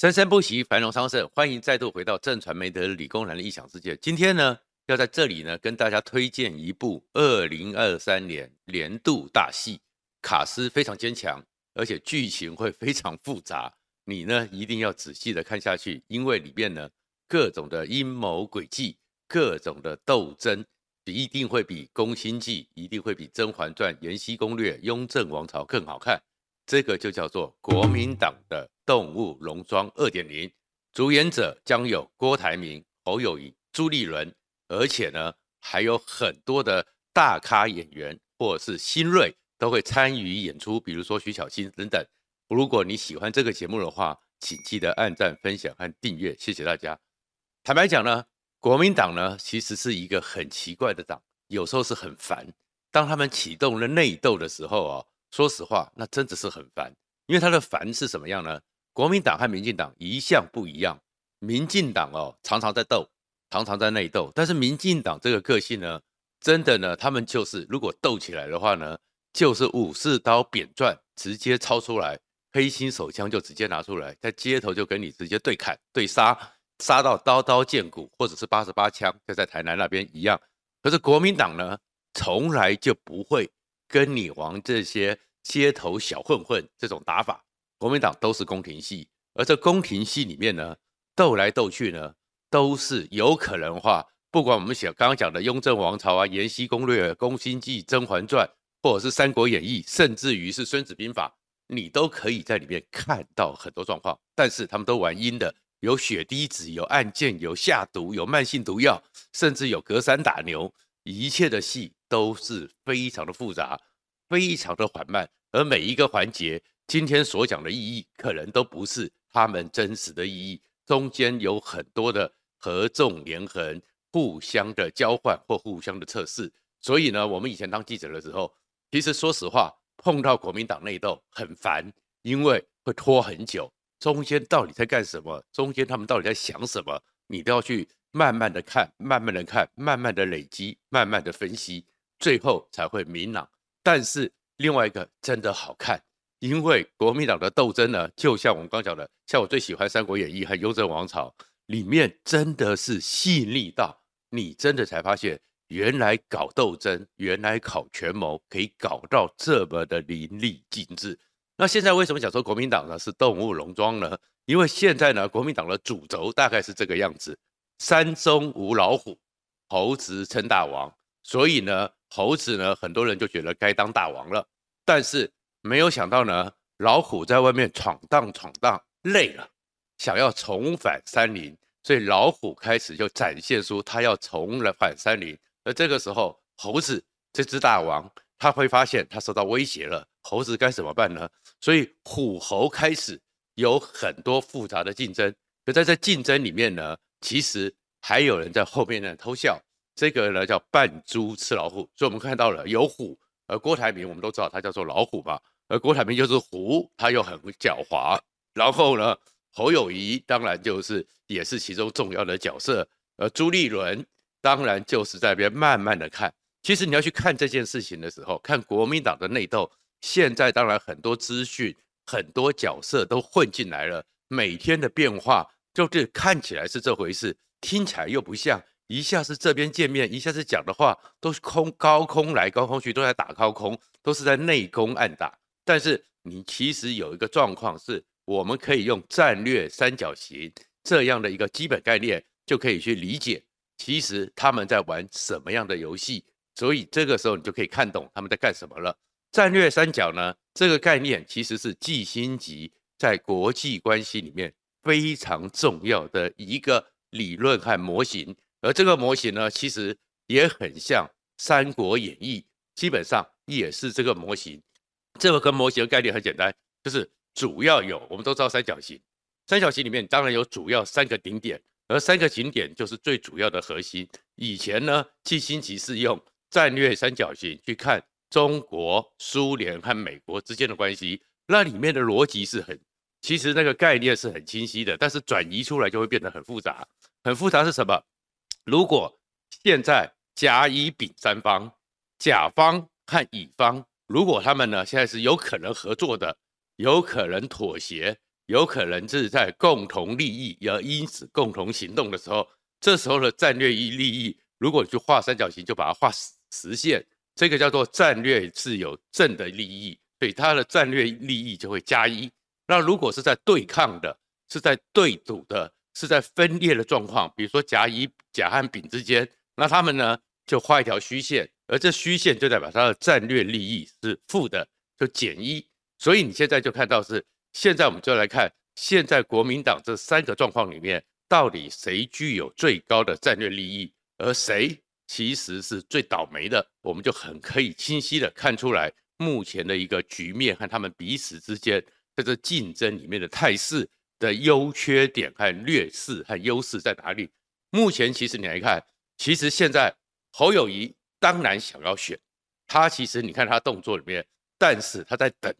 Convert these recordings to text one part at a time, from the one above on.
生生不息，繁榮昌盛。歡迎再度回到震傳媒的理工男的異想世界。今天呢，要在這裡呢，跟大家推薦一部二零二三年年度大戲《卡司非常堅強》，而且劇情會非常複雜，你呢一定要仔細的看下去，因為裡面呢各種的陰謀詭計，各種的鬥爭，一定會比《宮心計》、一定會比《甄嬛傳》、《延禧攻略》、《雍正王朝》更好看。這個就叫做國民黨的。動物農莊二點零，主演者將有郭台銘、侯友宜、朱立倫，而且呢還有很多的大咖演員或者是新銳都會參與演出，比如說徐小青等等。如果你喜歡這個節目的話，請記得按讚、分享和訂閱，謝謝大家。坦白講呢，國民黨呢其實是一個很奇怪的黨，有時候是很煩。當他們啟動了內鬥的時候哦，說實話，那真的是很煩，因為他的煩是什麼樣呢？國民黨和民進黨一向不一樣。民進黨哦，常常在鬥，常常在內鬥。但是民進黨這個個性呢，真的呢，他們就是如果鬥起來的話呢，就是武士刀、扁鑽直接抄出來，黑心手槍就直接拿出來，在街頭就跟你直接對砍、對殺，殺到刀刀見骨，或者是八十八槍，就在台南那邊一樣。可是國民黨呢，從來就不會跟你玩這些街頭小混混這種打法。國民黨都是宮廷戲，而這宮廷戲裡面呢，鬥來鬥去呢，都是有可能話。不管我們像剛剛講的《雍正王朝》啊，《延禧攻略》《宮心計》《甄嬛傳》，或者是《三國演義》，甚至於是《孫子兵法》，你都可以在裡面看到很多狀況。但是他們都玩陰的，有血滴子，有暗箭，有下毒，有慢性毒藥，甚至有隔山打牛。一切的戲都是非常的複雜，非常的緩慢，而每一個環節。今天所講的意義，可能都不是他們真實的意義。中間有很多的合縱連橫、互相的交換或互相的測試。所以呢，我們以前當記者的時候，其實說實話，碰到國民黨內鬥很煩，因為會拖很久。中間到底在幹什麼？中間他們到底在想什麼？你都要去慢慢的看，慢慢的看，慢慢的累積，慢慢的分析，最後才會明朗。但是另外一個真的好看。因為國民黨的鬥爭呢，就像我們剛講的，像我最喜歡《三國演義》和《雍正王朝》，裡面真的是細膩到你真的才發現，原來搞鬥爭，原來搞權謀可以搞到這麼的淋漓盡致。那現在為什麼想說國民黨呢是動物農莊呢？因為現在呢，國民黨的主軸大概是這個樣子：山中無老虎，猴子稱大王。所以呢，猴子呢，很多人就覺得該當大王了，但是。沒有想到呢，老虎在外面闖蕩闖蕩累了，想要重返山林，所以老虎開始就展現出他要重返山林。而這個時候，猴子這隻大王他會發現他受到威脅了，猴子該怎麼辦呢？所以虎猴開始有很多複雜的競爭。可在這競爭裡面呢，其實還有人在後面呢偷笑。這個呢叫扮豬吃老虎。所以我們看到了有虎。而、呃、郭台銘，我們都知道他叫做老虎吧？而、呃、郭台銘就是虎，他又很狡猾。然後呢，侯友宜當然就是也是其中重要的角色。而、呃、朱立倫當然就是在那邊慢慢的看。其實你要去看這件事情的時候，看國民黨的內鬥，現在當然很多資訊、很多角色都混進來了，每天的變化就是看起來是這回事，聽起來又不像。一下是這邊見面，一下子講的話都是空高空來高空去，都在打高空，都是在內攻暗打。但是你其實有一個狀況是，我們可以用戰略三角形這樣的一個基本概念就可以去理解，其實他們在玩什麼樣的遊戲。所以這個時候你就可以看懂他們在幹什麼了。戰略三角呢，這個概念其實是季辛吉在國際關係裡面非常重要的一個理論和模型。而這個模型呢，其實也很像《三國演義》，基本上也是這個模型。這個跟模型的概念很簡單，就是主要有我們都知道三角形，三角形裡面當然有主要三個頂點，而三個頂點就是最主要的核心。以前呢，基辛格是用戰略三角形去看中國、蘇聯和美國之間的關係，那裡面的邏輯是很，其實那個概念是很清晰的，但是轉移出來就會變得很複雜。很複雜是什麼？如果現在甲、乙、丙三方，甲方和乙方，如果他們呢現在是有可能合作的，有可能妥協，有可能是在共同利益要因此共同行動的時候，這時候的戰略利益，如果你就畫三角形，就把它畫實線，這個叫做戰略是有正的利益，所以它的戰略利益就會加一。那如果是在對抗的，是在對賭的。是在分裂的狀況，比如說甲乙、甲和丙之間，那他們呢就畫一條虛線，而這虛線就代表他的戰略利益是負的，就減一。所以你現在就看到是，現在我們就來看現在國民黨這三個狀況裡面，到底誰具有最高的戰略利益，而誰其實是最倒霉的，我們就很可以清晰的看出來目前的一個局面和他們彼此之間在這競爭裡面的態勢。的優缺點和劣勢和優勢在哪裡？目前其實你來看，看，其實現在侯友宜當然想要選他，其實你看他動作裡面，但是他在等，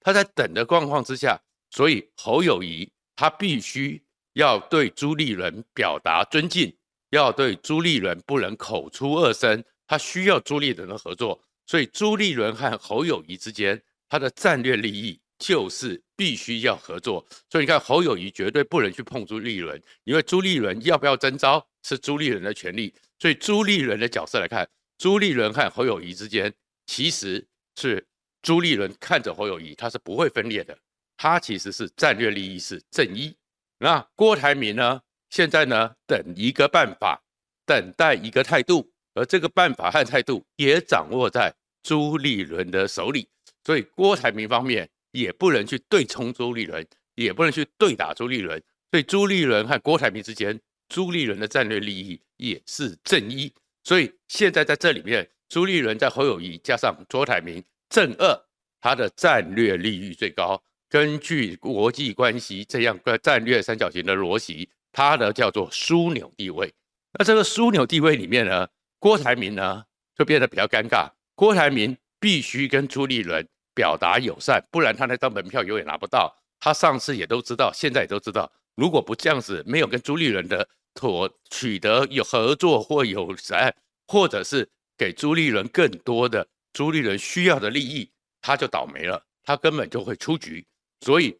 他在等的狀況之下，所以侯友宜他必須要對朱立倫表達尊敬，要對朱立倫不能口出惡聲，他需要朱立倫的合作，所以朱立倫和侯友宜之間他的戰略利益。就是必須要合作，所以你看侯友宜絕對不能去碰朱立倫，因為朱立倫要不要徵召是朱立倫的權利。所以朱立倫的角色來看，朱立倫和侯友宜之間其實是朱立倫看着侯友宜，他是不會分裂的，他其實是戰略利益是正一。那郭台銘呢？現在呢等一個辦法，等待一個態度，而這個辦法和態度也掌握在朱立倫的手裡，所以郭台銘方面。也不能去對沖朱立倫，也不能去對打朱立倫，所以朱立倫和郭台銘之間，朱立倫的戰略利益也是正一，所以現在在這裡面，朱立倫在侯友宜加上郭台銘正二，他的戰略利益最高。根據國際關係這樣的戰略三角形的邏輯，他的叫做樞紐地位。那這個樞紐地位裡面呢，郭台銘呢就變得比較尷尬，郭台銘必須跟朱立倫。表達友善，不然他那張門票永遠拿不到。他上次也都知道，現在也都知道。如果不這樣子，沒有跟朱立倫的妥取得有合作或友善，或者是給朱立倫更多的朱立倫需要的利益，他就倒霉了，他根本就會出局。所以，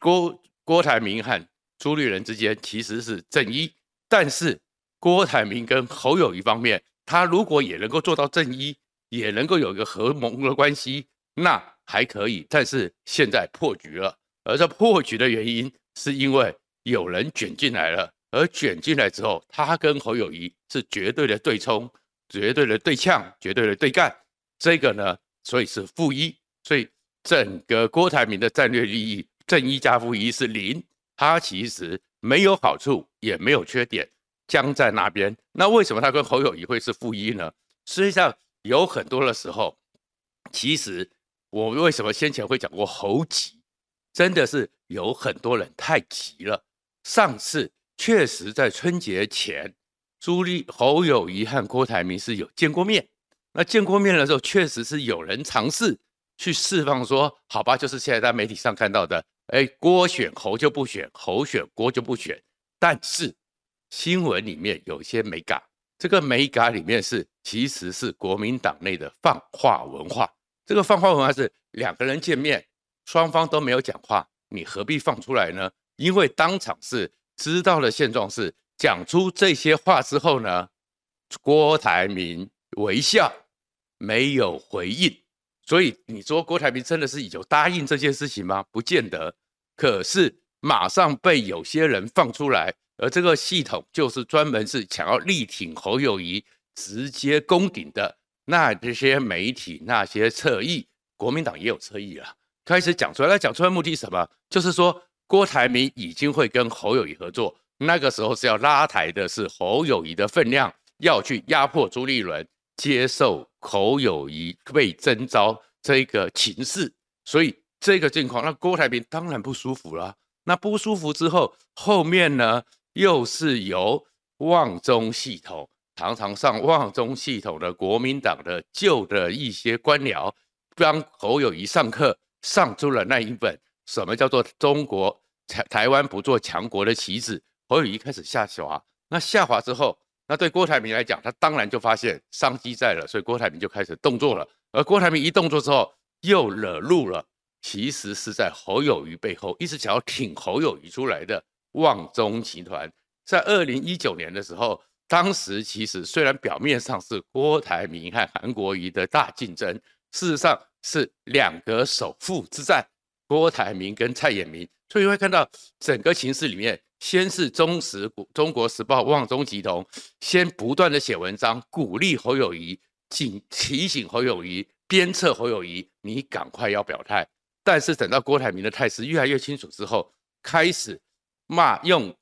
郭郭台銘和朱立倫之間其實是正一，但是郭台銘跟侯友宜方面，他如果也能夠做到正一，也能夠有一個合盟的關係。那還可以，但是現在破局了，而這破局的原因是因為有人捲進來了，而捲進來之後，他跟侯友宜是絕對的對沖、絕對的對嗆、絕對的對幹。這個呢，所以是負一，所以整個郭台銘的戰略利益正一加負一是零，他其實沒有好處也沒有缺點，僵在那邊。那為什麼他跟侯友宜會是負一呢？實際上有很多的時候，其實。我為什麼先前會講過猴急，真的是有很多人太急了。上次確實在春節前，朱立、侯友宜和郭台銘是有見過面。那見過面的時候，確實是有人嘗試去釋放說，好吧，就是現在在媒體上看到的，哎，郭選侯就不選，侯選郭就不選。但是新聞裡面有一些眉角，這個眉角裡面是其實是國民黨內的放話文化。這個放話文化是兩個人見面，雙方都沒有講話，你何必放出來呢？因為當場是知道了現狀，是講出這些話之後呢，郭台銘微笑沒有回應，所以你說郭台銘真的是有答應這件事情嗎？不見得。可是馬上被有些人放出來，而這個系統就是專門是想要力挺侯友宜直接攻頂的。那這些媒體那些側翼，國民黨也有側翼啊，開始講出來。那講出來目的是什麼？就是說郭台銘已經會跟侯友宜合作，那個時候是要拉抬的，是侯友宜的分量要去壓迫朱立倫接受侯友宜被徵召這個情勢，所以這個境況，那郭台銘當然不舒服了、啊。那不舒服之後，後面呢又是由旺中系統。常常上旺中系統的國民黨的舊的一些官僚，幫侯友宜上課上出了那一本，什麼叫做中國台台灣不做強國的棋子，侯友宜開始下滑，那下滑之後，那對郭台銘來講，他當然就發現商機在了，所以郭台銘就開始動作了。而郭台銘一動作之後，又惹怒了，其實是在侯友宜背後一直想要挺侯友宜出來的旺中集團，在二零一九年的時候。當時其實雖然表面上是郭台銘和韓國瑜的大競爭，事實上是兩個首富之戰。郭台銘跟蔡衍明，所以你會看到整個形勢裡面，先是中時中國時報旺中集團先不斷的寫文章鼓勵侯友宜，請提醒侯友宜，鞭策侯友宜，你趕快要表態。但是等到郭台銘的態勢越來越清楚之後，開始罵用，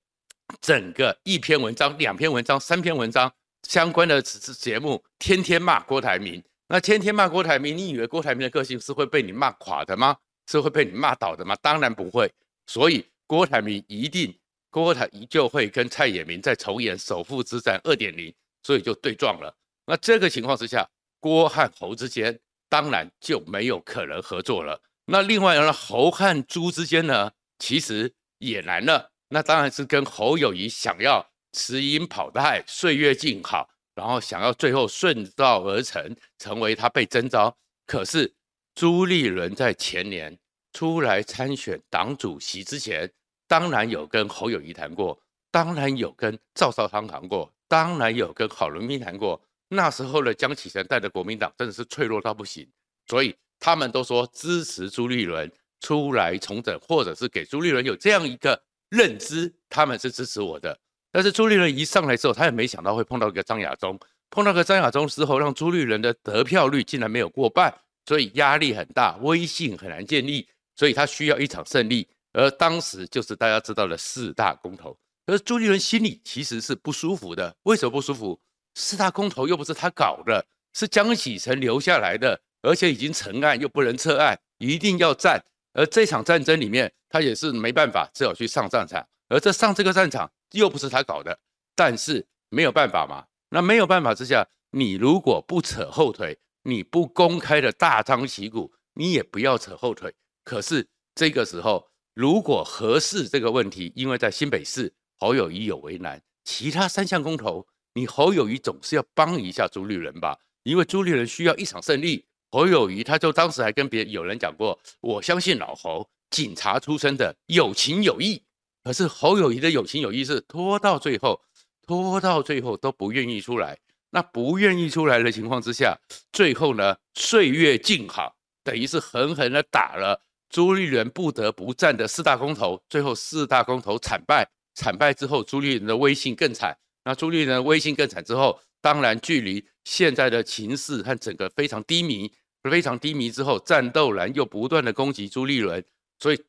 整個一篇文章、兩篇文章、三篇文章相關的此次節目，天天罵郭台銘，那天天罵郭台銘，你以為郭台銘的個性是會被你罵垮的嗎？是會被你罵倒的嗎？當然不會，所以郭台銘一定，郭台銘就會跟蔡衍明在重演首富之戰二點零，所以就對撞了。那這個情況之下，郭和侯之間當然就沒有可能合作了。那另外呢，侯和朱之間呢，其實也難了。那當然是跟侯友宜想要持盈保泰，歲月靜好，然後想要最後順道而成，成為他被徵召。可是朱立倫在前年出來參選黨主席之前，當然有跟侯友宜談過，當然有跟趙少康談過，當然有跟郝龍斌談過。那時候的江啟臣帶着國民黨真的是脆弱到不行，所以他們都說支持朱立倫出來重整，或者是給朱立倫有這樣一個。認知他們是支持我的。但是朱立倫一上來之後，他也沒想到會碰到一個張亞中，碰到個張亞中之後，讓朱立倫的得票率竟然沒有過半，所以壓力很大，威信很難建立，所以他需要一場勝利，而當時就是大家知道的四大公投。可是朱立倫心裡其實是不舒服的，為什麼不舒服？四大公投又不是他搞的，是江啟臣留下來的，而且已經成案又不能撤案，一定要戰。而這場戰爭裡面，他也是沒辦法，只好去上戰場。而這上這個戰場又不是他搞的，但是沒有辦法嘛。那沒有辦法之下，你如果不扯後腿，你不公開的大張旗鼓，你也不要扯後腿。可是這個時候，如果核四這個問題，因為在新北市侯友宜有為難，其他三項公投，你侯友宜總是要幫一下朱立倫吧，因為朱立倫需要一場勝利。侯友宜，他就當時還跟別人有人講過，我相信老侯，警察出身的有情有義。可是侯友宜的有情有義是拖到最後，拖到最後都不願意出來。那不願意出來的情況之下，最後呢，歲月靜好，等於是狠狠的打了朱立倫不得不戰的四大公投。最後四大公投慘敗，慘敗之後，朱立倫的威信更慘。那朱立倫的威信更慘之後，當然距離現在的情勢和整個非常低迷。非常低迷之後，戰鬥藍又不斷的攻擊朱立倫，所以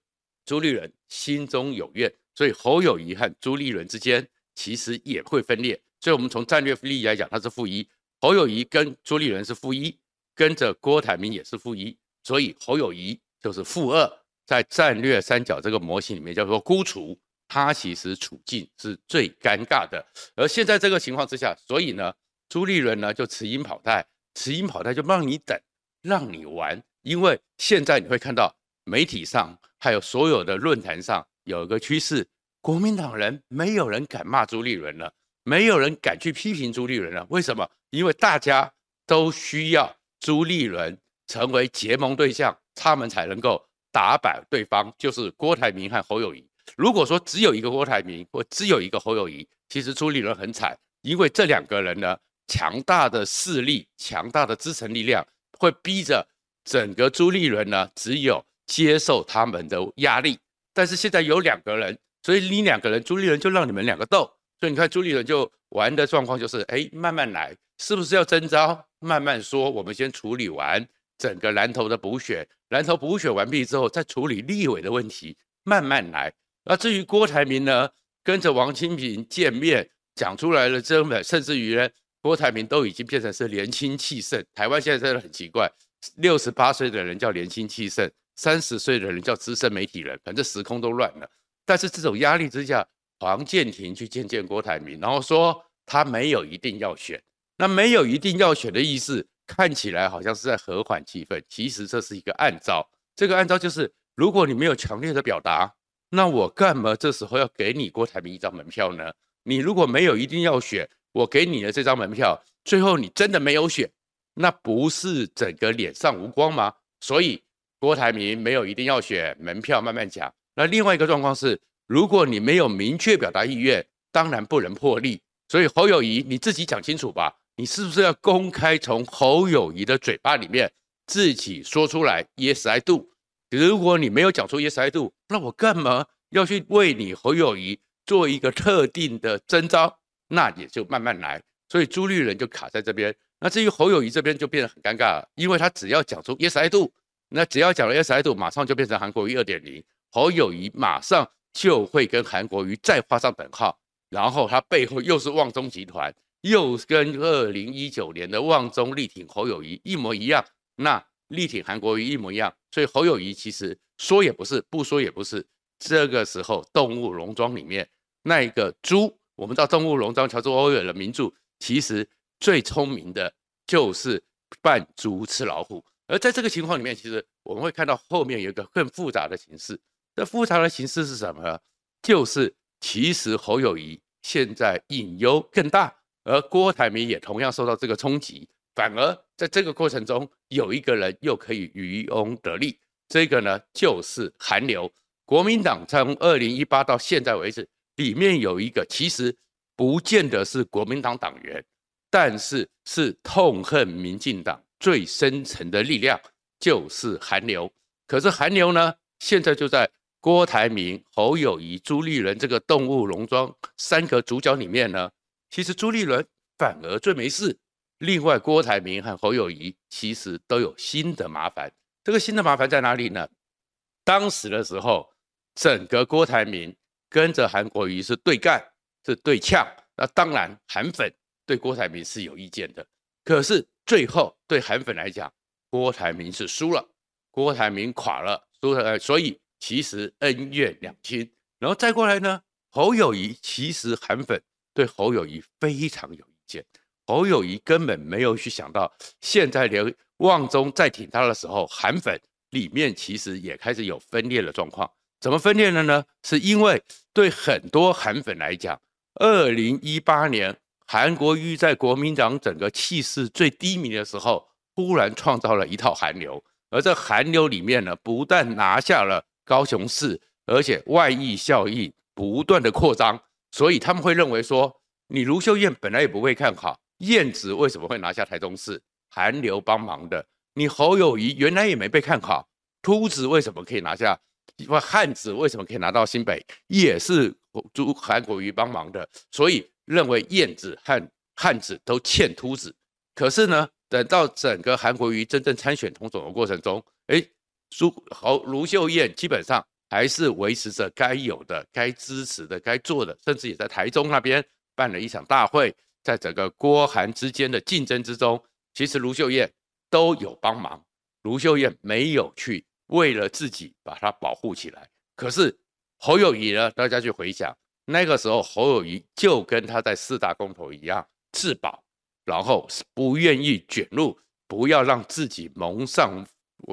朱立倫心中有怨，所以侯友宜和朱立倫之間其實也會分裂。所以，我們從戰略利益來講，它是負一。侯友宜跟朱立倫是負一，跟着郭台銘也是負一，所以侯友宜就是負二。在戰略三角這個模型裡面，叫做孤雛，他其實處境是最尷尬的。而現在這個情況之下，所以呢，朱立倫呢就持盈保泰，持盈保泰就不讓你等。讓你玩，因為現在你會看到媒體上還有所有的論壇上有一個趨勢，國民黨人沒有人敢罵朱立倫了，沒有人敢去批評朱立倫了。為什麼？因為大家都需要朱立倫成為結盟對象，他們才能夠打敗對方，就是郭台銘和侯友宜。如果說只有一個郭台銘或只有一個侯友宜，其實朱立倫很慘，因為這兩個人呢，強大的勢力、強大的支撐力量。會逼着整個朱立倫呢，只有接受他們的壓力。但是現在有兩個人，所以你兩個人朱立倫就讓你們兩個鬥。所以你看朱立倫就玩的狀況就是，哎，慢慢來，是不是要徵召？慢慢說，我們先處理完整個南投的補選，南投補選完畢之後，再處理立委的問題，慢慢來。那至於郭台銘呢，跟着王清平見面講出來的真的，甚至於呢。郭台銘都已經變成是年輕氣盛。台灣現在真的很奇怪，六十八歲的人叫年輕氣盛，三十歲的人叫資深媒體人，反正時空都亂了。但是這種壓力之下，黃健庭去見見郭台銘，然後說他沒有一定要選，那沒有一定要選的意思，看起來好像是在和緩氣氛，其實這是一個暗招。這個暗招就是，如果你沒有強烈的表達，那我幹嘛這時候要給你郭台銘一張門票呢？你如果沒有一定要選。我給你的這張門票，最後你真的沒有選，那不是整個臉上無光嗎？所以郭台銘沒有一定要選門票，慢慢講。那另外一個狀況是，如果你沒有明確表達意願，當然不能破例。所以侯友宜，你自己講清楚吧，你是不是要公開從侯友宜的嘴巴裡面自己說出來？Yes，I do。如果你沒有講出 Yes，I do，那我幹嘛要去為你侯友宜做一個特定的徵召？那也就慢慢來，所以朱立倫就卡在這邊。那至於侯友宜這邊就變得很尷尬了，因為他只要講出 Yes I do，那只要講了 Yes I do，馬上就變成韓國瑜二點零，侯友宜馬上就會跟韓國瑜再畫上等號。然後他背後又是旺中集團，又跟二零一九年的旺中力挺侯友宜一模一樣，那力挺韓國瑜一模一樣。所以侯友宜其實說也不是，不說也不是。這個時候動物農莊裡面那一個豬。我們到《動物農莊》、《喬治歐威爾》的名著，其實最聰明的就是扮豬吃老虎。而在這個情況裡面，其實我們會看到後面有一個更複雜的形式。這複雜的形式是什麼呢？就是其實侯友宜現在隱憂更大，而郭台銘也同樣受到這個衝擊。反而在這個過程中，有一個人又可以漁翁得利，這個呢就是韓流。國民黨從二零一八到現在為止，裡面有一個其實不見得是國民黨黨員，但是是痛恨民進黨最深層的力量就是韓流。可是韓流呢，現在就在郭台銘、侯友宜、朱立倫這個動物農莊三個主角裡面呢。其實朱立倫反而最沒事，另外郭台銘和侯友宜其實都有新的麻煩。這個新的麻煩在哪裡呢？當時的時候，整個郭台銘。跟着韓國瑜是對幹，是對嗆，那當然韓粉對郭台銘是有意見的，可是最後對韓粉來講，郭台銘是輸了，郭台銘垮了，輸了，所以其實恩怨兩清。然後再過來呢，侯友宜其實韓粉對侯友宜非常有意見，侯友宜根本沒有去想到，現在連旺中在挺他的時候，韓粉裡面其實也開始有分裂的狀況。怎麼分裂了呢？是因為對很多韓粉來講，二零一八年韓國瑜在國民黨整個氣勢最低迷的時候，忽然創造了一套韓流，而這韓流裡面呢，不但拿下了高雄市，而且外溢效應不斷的擴張，所以他們會認為說，你盧秀燕本來也不會看好，燕子為什麼會拿下台中市？韓流幫忙的。你侯友宜原來也沒被看好，禿子為什麼可以拿下？因為漢子為什麼可以拿到新北，也是朱韓國瑜幫忙的，所以認為燕子和漢子都欠禿子。可是呢，等到整個韓國瑜真正參選總統的過程中，誒，朱侯盧秀燕基本上還是維持着該有的、該支持的、該做的，甚至也在台中那邊辦了一場大會。在整個郭韓之間的競爭之中，其實盧秀燕都有幫忙，盧秀燕沒有去。為了自己把它保護起來，可是侯友宜呢？大家去回想那個時候，侯友宜就跟他在四大公投一樣自保，然後是不願意捲入，不要讓自己蒙上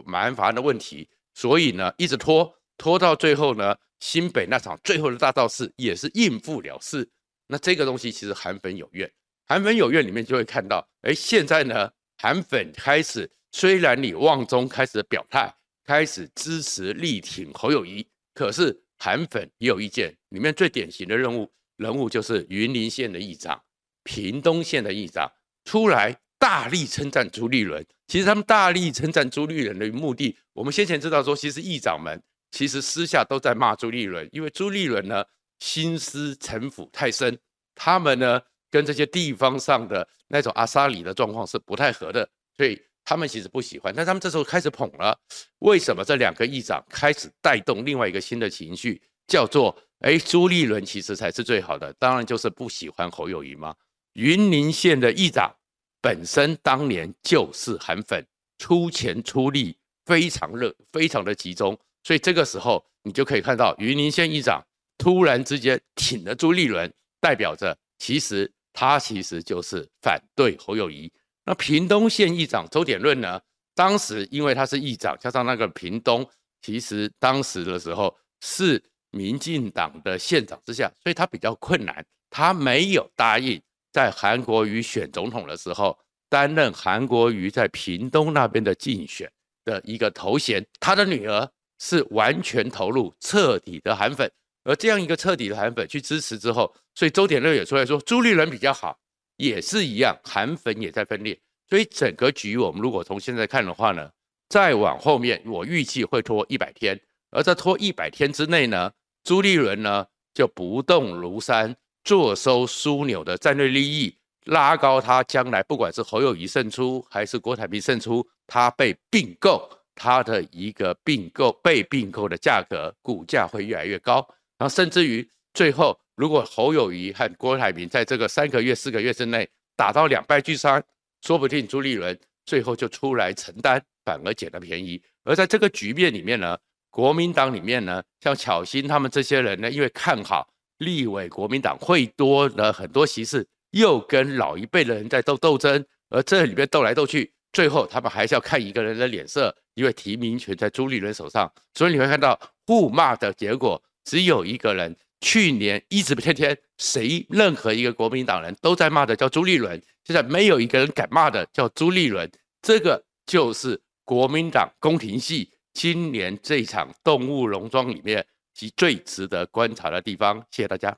蠻煩的問題，所以呢，一直拖拖到最後呢，新北那場最後的大造勢也是應付了事。那這個東西其實韓粉有怨，韓粉有怨裡面就會看到，哎，現在呢，韓粉開始雖然你旺中開始表態。開始支持力挺侯友宜，可是韓粉也有意見。裡面最典型的人物人物就是雲林縣的議長、屏東縣的議長，出來大力稱讚朱立倫。其實他們大力稱讚朱立倫的目的，我們先前知道說，其實議長們其實私下都在罵朱立倫，因為朱立倫呢心思城府，太深，他們呢跟這些地方上的那種阿薩里的狀況是不太合的，所以。他們其實不喜歡，但他們這時候開始捧了。為什麼這兩個議長開始帶動另外一個新的情緒，叫做“哎，朱立倫其實才是最好的”。當然就是不喜歡侯友宜嘛。雲林縣的議長本身當年就是韓粉，出錢出力非常熱，非常的集中。所以這個時候你就可以看到，雲林縣議長突然之間挺了朱立倫，代表着其實他其實就是反對侯友宜。那屏東縣議長周典論呢？當時因為他是議長，加上那個屏東，其實當時的時候是民進黨的縣長之下，所以他比較困難。他沒有答應在韓國瑜選總統的時候擔任韓國瑜在屏東那邊的競選的一個頭銜。他的女兒是完全投入、徹底的韓粉，而這樣一個徹底的韓粉去支持之後，所以周典論也出來說朱立倫比較好。也是一樣，韓粉也在分裂，所以整個局我們如果從現在看的話呢，再往後面，我預計會拖一百天，而在拖一百天之內呢，朱立倫呢就不動如山，坐收樞紐的戰略利益，拉高他將來不管是侯友宜勝出還是郭台銘勝出，他被併購，他的一個併購被併購的價格，股價會越來越高，然後甚至於。最後，如果侯友宜和郭台銘在這個三個月、四個月之內打到兩敗俱傷，說不定朱立倫最後就出來承擔，反而撿了便宜。而在這個局面裡面呢，國民黨裡面呢，像巧芯他們這些人呢，因為看好立委國民黨會多了很多席次，又跟老一輩的人在鬥鬥爭，而這裡面鬥來鬥去，最後他們還是要看一個人的臉色，因為提名權在朱立倫手上。所以你會看到互罵的結果，只有一個人。去年一直不天天誰，任何一個國民黨人都在罵的叫朱立倫，現在沒有一個人敢罵的叫朱立倫。這個就是國民黨宮廷戲今年這場動物農莊裡面其最值得觀察的地方。謝謝大家。